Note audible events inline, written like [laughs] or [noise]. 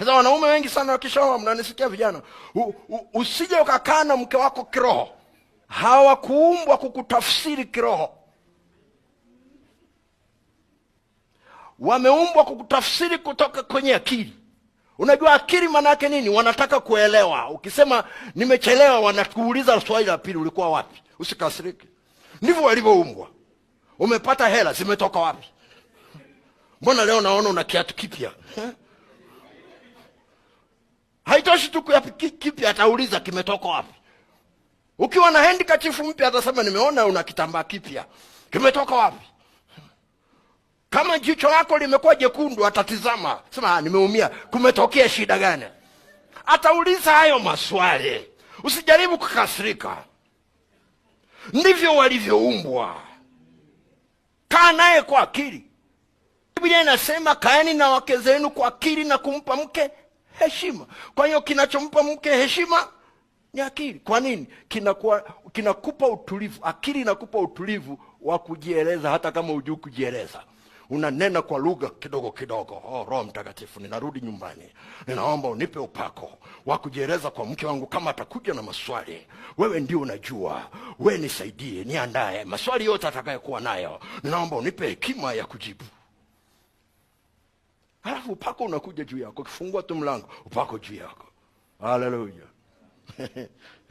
sasa wanaume wengi sana wakishaoa, mnanisikia vijana, usije ukakaa na mke wako kiroho. Hawakuumbwa kukutafsiri kiroho, wameumbwa kukutafsiri kutoka kwenye akili. Unajua akili maana yake nini? Wanataka kuelewa. Ukisema nimechelewa, wanakuuliza swali la pili, ulikuwa wapi? usikasiriki ndivyo walivyoumbwa. Umepata hela, zimetoka wapi? Mbona leo naona una kiatu kipya? hakitoshi tu kipya, atauliza kimetoka wapi. Ukiwa na handkerchief mpya atasema nimeona una kitambaa kipya, kimetoka wapi? Kama jicho lako limekuwa jekundu, atatizama sema, ah, nimeumia, kumetokea shida gani? Atauliza hayo maswali. Usijaribu kukasirika, ndivyo walivyoumbwa. Kaa naye kwa akili. Biblia inasema kaeni na wake zenu kwa akili na kumpa mke heshima. Kwa hiyo kinachompa mke heshima ni akili. Kwa nini? Kinakuwa kinakupa utulivu, akili inakupa utulivu wa kujieleza, hata kama hujui kujieleza unanena kwa lugha kidogo kidogo. Oh, Roho Mtakatifu, ninarudi nyumbani, ninaomba unipe upako wa kujieleza kwa mke wangu. Kama atakuja na maswali, wewe ndio unajua, we nisaidie, niandae maswali yote atakayokuwa nayo. Ninaomba unipe hekima ya kujibu halafu upako unakuja juu yako, ukifungua tu mlango upako juu yako. Haleluya! [laughs]